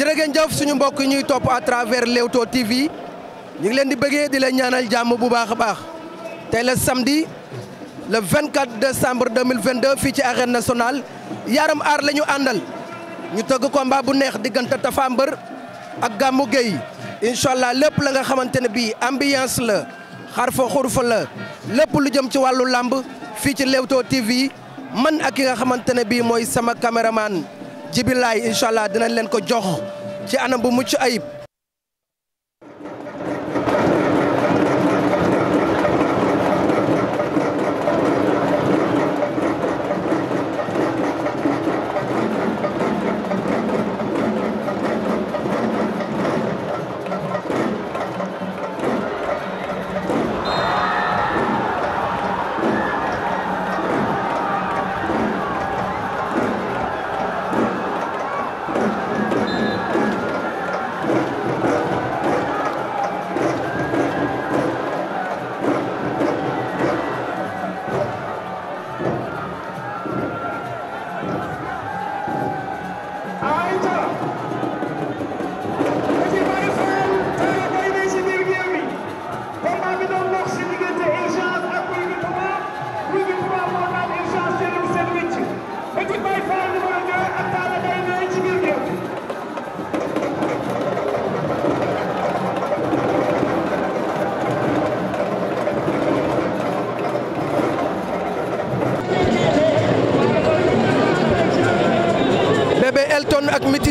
jërë ngeen jëf suñu mbokk yi ñuy topp à travers Leewtoo TV ñu ngi leen di bëggee di la ñaanal jàmm bu baax a baax tey la samedi le 24 décembre 2022 fii ci arène nationale Yaram Aar la ñu àndal ñu tëgg combat bu neex diggante Tapha ak Gamou Gueye incha allah lépp la nga xamante ne bii ambiance la xar fa xur fa la lépp lu jëm ci wàllu làmb fii ci Leewtoo TV man ak ki nga xamante ne bii mooy sama caméraman. jibilaay incha allah dinañ leen ko jox ci anam bu mucc ayib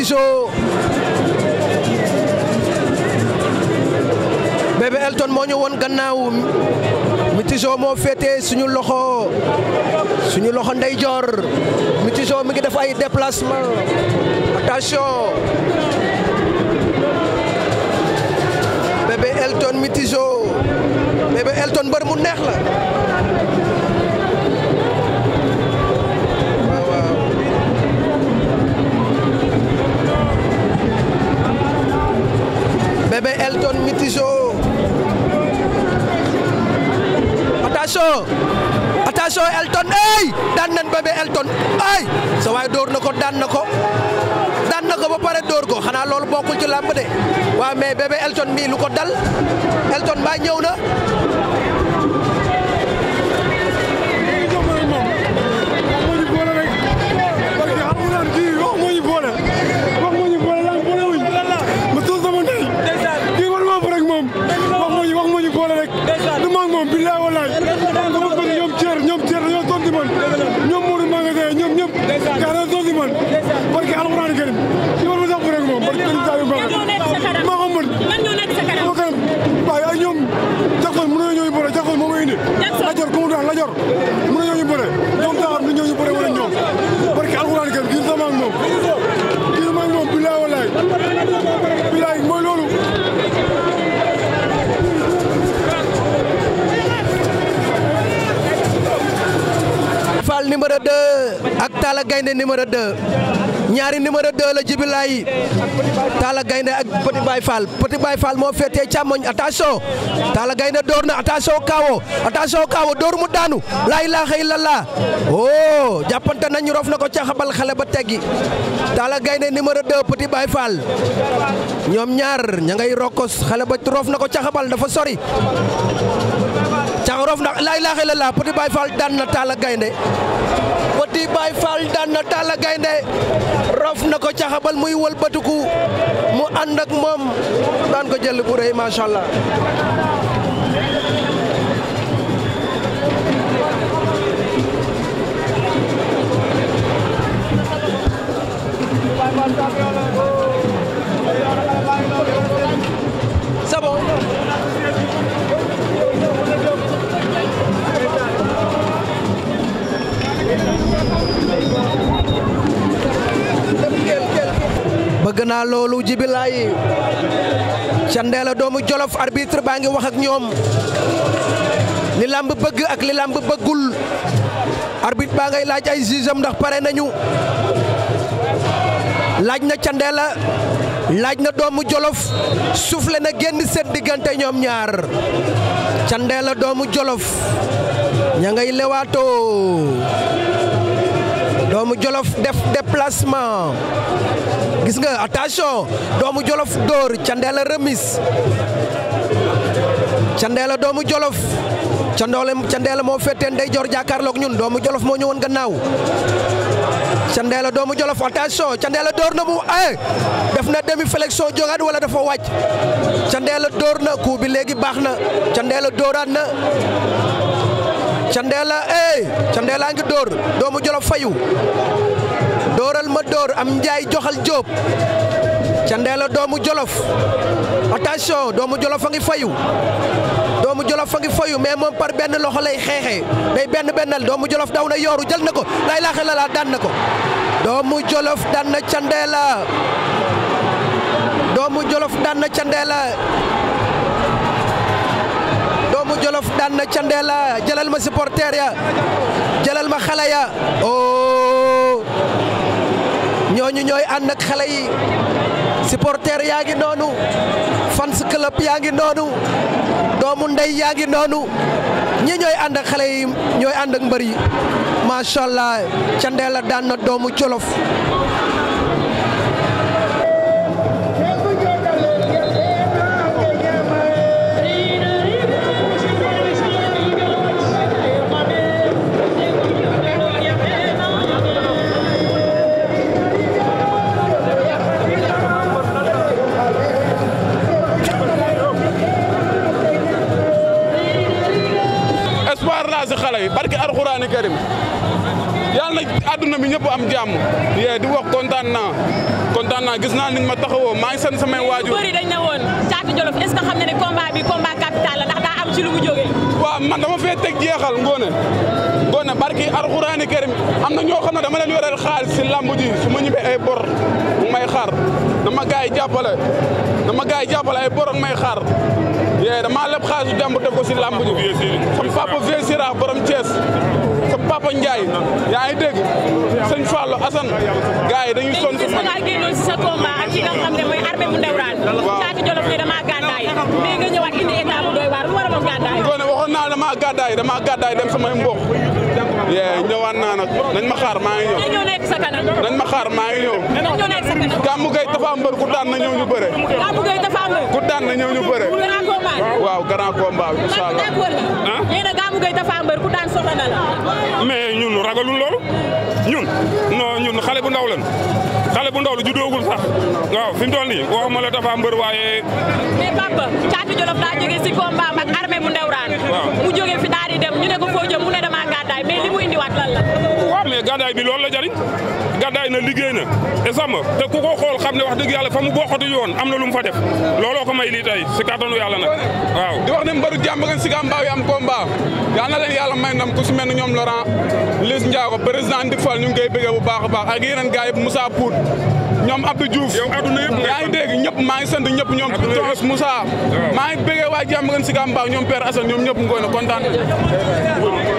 Tiso bébé Elton moo ñu woon gannaaw mi moo féete suñu loxo suñu loxo ndeyjoor mi Tiso mi ngi def ay déplacement attention bébé Elton mi Tiso bébé Elton mbër mu neex la. daan na ko daan na ko ba pare dóor ko xanaa loolu bokkul ci làmb de waaw mais bébé Elton mii lu ko dal Elton mbaa ñëw na numéro ak Talla Gaynde numéro ñaari numéro 2 la Jibilaay Talla Gaynde ak Petit Baye Fall Petit Baye Fall moo féetee càmmoñ attention Talla Gaynde door na attention Kaawo attention Kaawo door mu daanu laa ilaaha illallah oh jàppante nañu rof na ko caxabal xale ba teggi Talla Gaynde numéro 2 Petit Baye ñoom ñaar ña ngay rokkos xale ba rof na ko caxabal dafa sori. Caaka Roof ndax laa ilaaha illallaah Petit Baye Fall daan na Talla Gaynde Petit Baye Fall daan na Talla Gaynde roof na ko caxabal muy wëlbatiku mu ànd ak moom daan ko jël bu rëy bëgg naa loolu jibilaay candeela doomu jolof arbitre baa ngi wax ak ñoom li làmb bëgg ak li làmb bëggul arbitre baa ngay laaj ay zizam ndax pare nañu laaj na candeela laaj na doomu jolof soufflé na génn seen diggante ñoom ñaar candeela doomu jolof ña ngay lewaatoo doomu jolof def déplacement gis nga attention doomu jolof dóor candeela remise candeela doomu jolof candoole candeela moo féetee ndey joor jàkkaarloog ñun doomu jolof moo ñëwoon gannaaw candeela doomu jolof attention candeela dóor na mu ay eh, def na demi flexion jógaat wala dafa wàcc candeela dóor na coup bi léegi baax na candeela dóoraat na Thiendella eh Thiendella ngi dóor doomu Jolof fayu dóoral ma dóor am njaay joxal jóob Thiendella doomu Jolof attention doomu Jolof a ngi fayu doomu Jolof a ngi fayu mais moom par benn loxo lay xeexee day benn bennal doomu Jolof daw na yooru jël na ko lay laaxe la laa daan na ko doomu Jolof daan na Thiendella doomu doomu jolof daan na candeela jëlal ma supporter ya jëlal ma xala ya oh ñooñu ñooy ànd ak xale yi supporter yaa ngi noonu fans club yaa ngi noonu doomu ndey yaa ngi noonu ñi ñooy ànd ak xale yi ñooy ànd ak mbër yi macha allah candeela daan doomu jolof xale yi barki alxuraani karim yàlla na àdduna bi ñëpp am jàmm yee di wax kontaan na kontaan naa gis naa ni ma taxawoo maa ngi sant samay waajur bëri dañ Jolof est-ce xam na ne combat bi combat capital la ci lu mu jógee. waaw man dama fee teg jeexal ngoone ngoone barki alxuraani karim am na ñoo dama leen yoreel xaalis si làmb su ma ñibbee ay bor mu may xaar dama gars yi jàppale dama gars yi jàppale ay bor may xaar. yee damaa leb xaalisu jàmbur def ko si làmb ji sama papa vieux Sira borom Thiès. sa papa Ndiaye yaa ngi dégg sëñ Fallou Assane gars yi dañuy sonn. gis nga génnoon si sa combat ak ki nga xam ne mooy armée bu ndawraan. waaw Sadio Jolof ne damaa gàddaay mais nga ñëwaat indi état bu doy waar lu war a doon gàddaay. waxoon naa damaa gàddaay damaa gàddaay dem samay mbokk. yee ñëwaat naa nag nañ ma xaar maa ngi ñëw. nañ ma xaar maa ngi ñëw. gàmmu gay dafa mbër daan na ñëw ñu bëre. gàmmu daan na ñëw ñu bëre. waaw grand combat bi incha allah. ah nee na loolu ñun non ñun xale bu ndaw lañ. xale bu ndaw la judoogul sax waaw fi mu toll nii waxuma la dafa mbër waaye. mais papa Caatu Jolof daa jóge si combat ak armée bu ndewraan. mu jóge fi daal di ñu ne ko foo mu ne damaa gàddaay mais li mu indiwaat lan la. mais gàddaay bi loolu la jariñ gàddaay na liggéey na te sama te ku ko xool xam ne wax dëgg yàlla fa mu bokkatu yoon am na lu fa def looloo ko may lii tey si kàttanu yàlla nag waaw di wax ne mbaru jàmbagan si gàmbaaw yi am combat yal na leen yàlla may ndam ku si mel ne ñoom Laurent Liss Ndiago président Ndik Fall ñu ngi koy bu baax a baax ak yeneen gars yi Moussa Pout ñoom Abdou Diouf yow adduna ñëpp maa ngi sant ñëpp ñoom Tos Moussa maa ngi bëggee waa jàmbagan si gàmbaaw ñoom Père ñëpp ngooy na kontaan